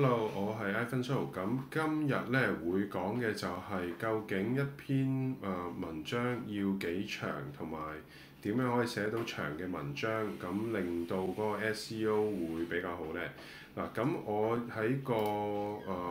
hello，我係 Ivan So，咁今日咧會講嘅就係、是、究竟一篇誒文章要幾長，同埋點樣可以寫到長嘅文章，咁令到嗰個 SEO 會比較好咧。嗱，咁我喺個誒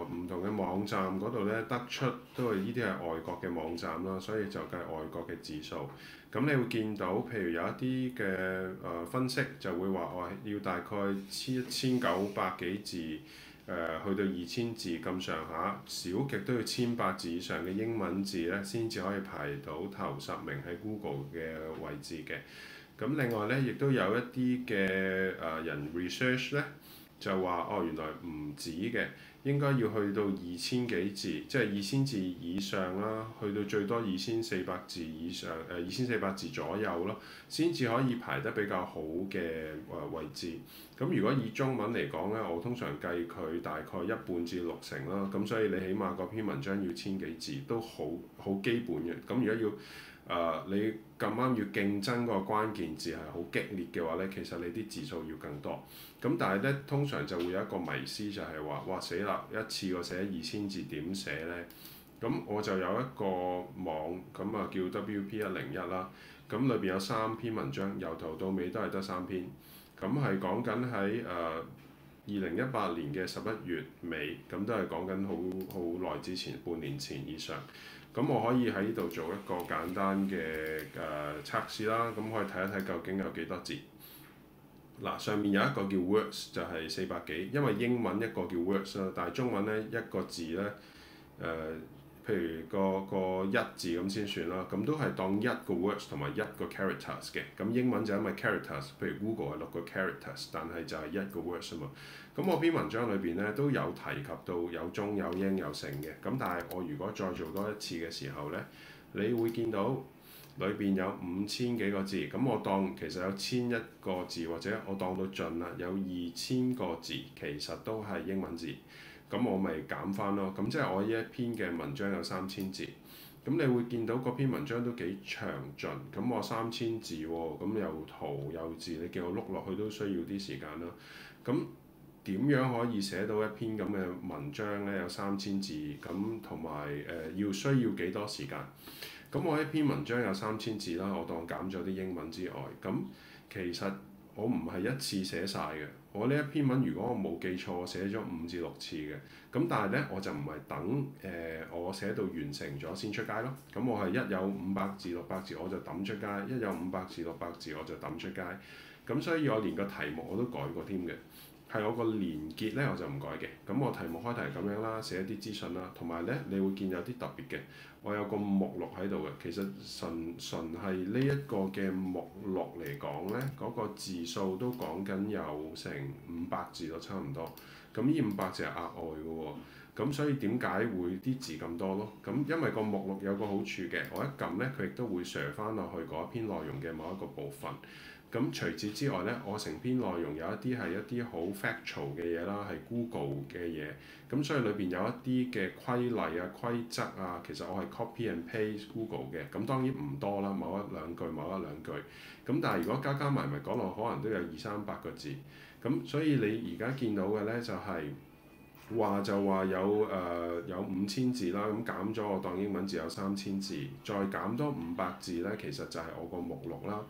唔同嘅網站嗰度咧得出，都係呢啲係外國嘅網站啦，所以就計外國嘅字數。咁你會見到，譬如有一啲嘅誒分析就會話，我要大概千一千九百幾字。誒去到二千字咁上下，少極都要千八字以上嘅英文字呢，先至可以排到頭十名喺 Google 嘅位置嘅。咁另外呢，亦都有一啲嘅人 research 呢，就話哦，原來唔止嘅。應該要去到二千幾字，即係二千字以上啦，去到最多二千四百字以上，誒二千四百字左右啦。先至可以排得比較好嘅誒位置。咁如果以中文嚟講咧，我通常計佢大概一半至六成啦，咁所以你起碼嗰篇文章要千幾字都好好基本嘅。咁如果要誒，uh, 你咁啱要競爭個關鍵字係好激烈嘅話咧，其實你啲字數要更多。咁但係咧，通常就會有一個迷思就係、是、話，哇死啦，一次過寫二千字點寫咧？咁我就有一個網，咁啊叫 WP 一零一啦。咁裏邊有三篇文章，由頭到尾都係得三篇。咁係講緊喺誒。Uh, 二零一八年嘅十一月尾，咁都係講緊好好耐之前，半年前以上。咁我可以喺呢度做一個簡單嘅誒測試啦，咁可以睇一睇究竟有幾多字。嗱，上面有一個叫 words，就係四百幾，因為英文一個叫 words 啦，但係中文咧一個字咧誒。呃譬如個個一字咁先算啦，咁都係當一個 words 同埋一個 characters 嘅，咁英文就因為 characters，譬如 Google 係六個 characters，但係就係一個 words 啊嘛。咁我篇文章裏邊咧都有提及到有中有英有成嘅，咁但係我如果再做多一次嘅時候咧，你會見到裏邊有五千幾個字，咁我當其實有千一個字或者我當到盡啦，有二千個字，其實都係英文字。咁我咪減翻咯，咁即係我呢一篇嘅文章有三千字，咁你會見到嗰篇文章都幾詳盡，咁我三千字喎、哦，咁又圖又字，你叫我碌落去都需要啲時間啦、啊。咁點樣可以寫到一篇咁嘅文章咧？有三千字，咁同埋誒要需要幾多時間？咁我呢篇文章有三千字啦，我當減咗啲英文之外，咁其實。我唔係一次寫晒嘅，我呢一篇文如果我冇記錯，我寫咗五至六次嘅。咁但係咧，我就唔係等誒、呃、我寫到完成咗先出街咯。咁我係一有五百字六百字我就抌出街，一有五百字六百字我就抌出街。咁所以我連個題目我都改過添嘅。係我個連結咧，我就唔改嘅。咁我題目開題係咁樣啦，寫一啲資訊啦，同埋咧你會見有啲特別嘅。我有個目錄喺度嘅，其實純純係呢一個嘅目錄嚟講咧，嗰、那個字數都講緊有成五百字都差唔多。咁呢五百字係額外嘅喎、哦。嗯咁所以點解會啲字咁多咯？咁因為個目錄有個好處嘅，我一撳咧，佢亦都會 share 翻落去嗰一篇內容嘅某一個部分。咁除此之外咧，我成篇內容有一啲係一啲好 factual 嘅嘢啦，係 Google 嘅嘢。咁所以裏邊有一啲嘅規例啊、規則啊，其實我係 copy and paste Google 嘅。咁當然唔多啦，某一兩句、某一兩句。咁但係如果加加埋埋講落，可能都有二三百個字。咁所以你而家見到嘅咧就係、是。話就話有誒、呃、有五千字啦，咁減咗我當英文字有三千字，再減多五百字咧，其實就係我個目錄啦。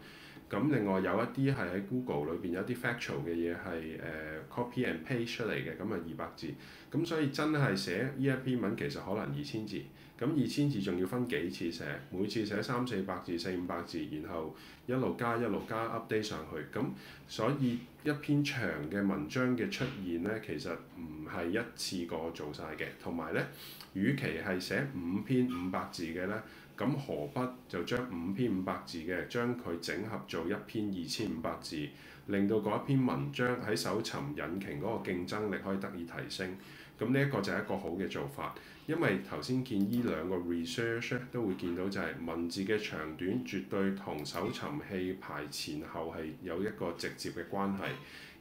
咁另外有一啲係喺 Google 裏邊有啲 factual 嘅嘢係誒 copy and paste 出嚟嘅，咁啊二百字，咁所以真係寫呢一篇文其實可能二千字，咁二千字仲要分幾次寫，每次寫三四百字四五百字，然後一路加一路加 update 上去，咁所以一篇長嘅文章嘅出現咧，其實唔係一次過做晒嘅，同埋咧，與其係寫五篇五百字嘅咧。咁何不就將五篇五百字嘅將佢整合做一篇二千五百字，令到嗰一篇文章喺搜尋引擎嗰個競爭力可以得以提升。咁呢一個就係一個好嘅做法，因為頭先見依兩個 research 都會見到就係、是、文字嘅長短絕對同搜尋器排前後係有一個直接嘅關係，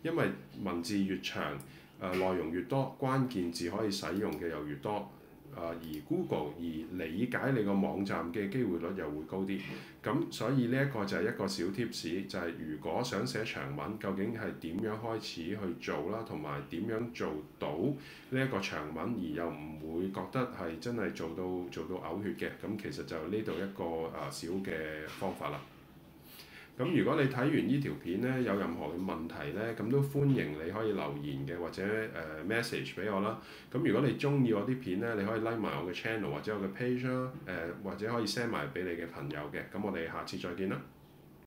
因為文字越長，誒、呃、內容越多，關鍵字可以使用嘅又越多。誒而 Google 而理解你個網站嘅機會率又會高啲，咁所以呢一個就係一個小 tips，就係、係、如果想寫長文，究竟係點樣開始去做啦，同埋點樣做到呢一個長文，而又唔會覺得係真係做到做到嘔血嘅，咁其實就呢度一個誒、啊、小嘅方法啦。咁如果你睇完依條片咧，有任何嘅問題咧，咁都歡迎你可以留言嘅，或者誒、呃、message 俾我啦。咁如果你中意我啲片咧，你可以 like 埋我嘅 channel 或者我嘅 page 啦、呃，誒或者可以 send 埋俾你嘅朋友嘅。咁我哋下次再見啦。